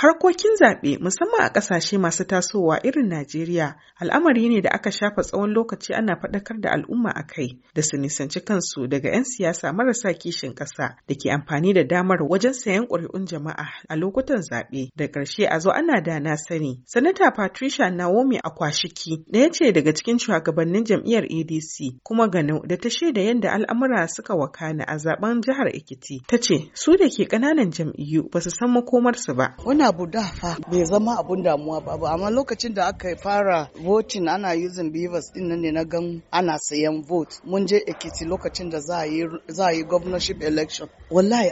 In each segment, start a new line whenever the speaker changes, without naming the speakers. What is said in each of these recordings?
Harkokin zaɓe musamman a ƙasashe masu tasowa irin Najeriya al'amari ne da aka shafa tsawon lokaci ana faɗakar da al'umma a kai da su nisanci kansu daga 'yan siyasa marasa kishin ƙasa da ke amfani da damar wajen sayan ƙuri'un jama'a a lokutan zaɓe da ƙarshe a zo ana da na sani. Sanata Patricia Naomi Akwashiki ɗaya ce daga cikin shugabannin jam'iyyar ADC kuma Gano da ta shaida yadda al'amura suka wakana a zaben jihar Ekiti ta ce su da ke ƙananan jam'iyyu ba su san makomarsu ba.
abu da fa bai zama abun damuwa ba amma lokacin da aka fara voting ana using beavers din nan ne na gan ana sayan vote mun je ekiti lokacin da za a yi governorship election wallahi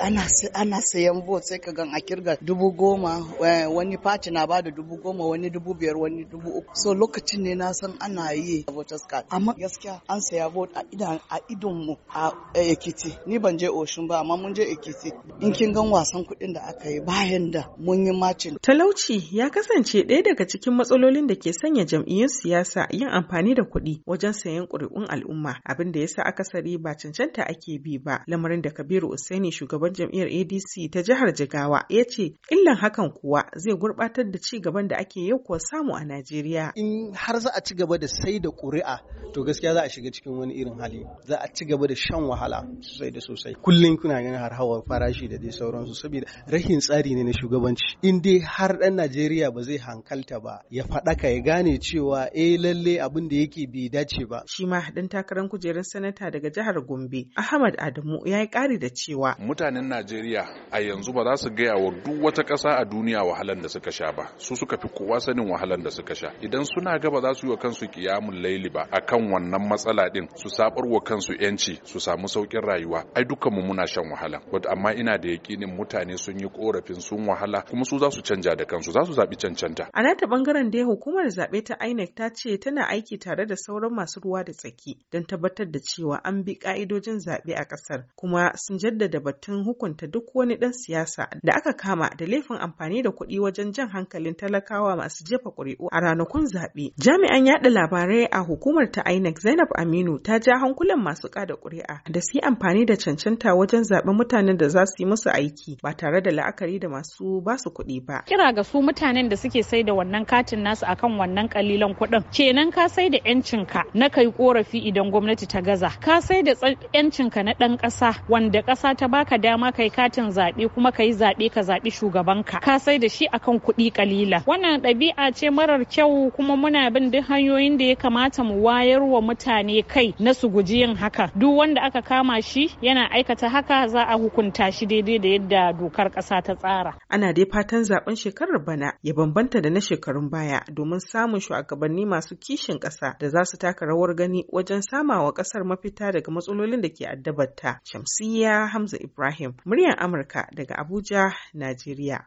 ana sayan vote sai ka gan a kirga dubu goma eh, wani party na bada dubu goma wani dubu biyar wani dubu uku so lokacin ne na san ana yi voters card amma gaskiya an saya vote a idon mu a ekiti ni ban je oshun ba amma mun je ekiti in kin gan wasan kuɗin da aka yi bayan da mun yi
ma macin. Talauci ya kasance ɗaya daga cikin matsalolin da ke sanya jam'iyyun siyasa yin amfani da kuɗi wajen sayan ƙuri'un al'umma abin da yasa akasari ba cancanta ake bi ba lamarin da Kabiru Usaini shugaban jam'iyyar ADC ta jihar Jigawa ya ce illan hakan kuwa zai gurɓatar da ci gaban da ake yau kuwa samu a Najeriya. In har za a ci gaba da sai da ƙuri'a to gaskiya za a shiga cikin wani irin hali za a ci gaba da shan wahala sosai da sosai kullum kuna ganin har hawa farashi da dai sauransu saboda rahin tsari ne na shugabanci in dai har ɗan Najeriya ba zai hankalta ba ya faɗaka ya gane cewa eh lalle abin da yake bai dace ba. Shi ma ɗan takarar kujerar sanata daga jihar Gombe Ahmad Adamu
ya yi ƙari da cewa. Mutanen Najeriya a yanzu ba za su gaya wa duk wata ƙasa a duniya wahalan da suka sha ba su suka fi kowa sanin wahalan da suka sha idan suna ga ba za su yi wa kansu kiyamun laili ba akan wannan matsala din su sabar wa kansu yanci su samu saukin rayuwa ai dukkanmu muna shan wahala amma ina da yakinin mutane sun yi korafin sun wahala kuma su za za su canja da kansu za su zaɓi cancanta.
A nata bangaren dai hukumar zaɓe ta INEC ta ce tana aiki tare da sauran masu ruwa da tsaki don tabbatar da cewa an bi ƙa'idojin zaɓe a ƙasar kuma sun jaddada batun hukunta duk wani ɗan siyasa da aka kama da laifin amfani da kuɗi wajen jan hankalin talakawa masu jefa ƙuri'u a ranakun zaɓe. Jami'an yaɗa labarai a hukumar ta INEC Zainab Aminu ta ja hankulan masu ƙada ƙuri'a da su yi amfani da cancanta wajen zaɓen mutanen da za su yi musu aiki ba tare da la'akari da masu basu kuɗi kuɗi ba.
Kira ga su mutanen da suke sai da wannan katin nasu akan wannan kalilan kuɗin. Kenan ka sai da ka na kai korafi idan gwamnati ta gaza. Ka sai da ka na ɗan ƙasa wanda ƙasa ta baka dama kai katin zaɓe kuma kai zaɓe ka zaɓi shugabanka. Ka sai da shi akan kuɗi kalila. Wannan ɗabi'a ce marar kyau kuma muna bin duk hanyoyin da ya kamata mu wayar wa mutane kai na su guji yin haka. Duk wanda aka kama shi yana aikata haka za a hukunta shi daidai da yadda dokar ƙasa ta tsara.
Ana dai fatan fatan zaben shekarar bana ya bambanta da na shekarun baya domin samun shugabanni masu kishin ƙasa da za su taka rawar gani wajen samawa ƙasar mafita daga matsalolin da ke addabarta. Shamsiyya Hamza Ibrahim, muryar Amurka daga Abuja, Najeriya.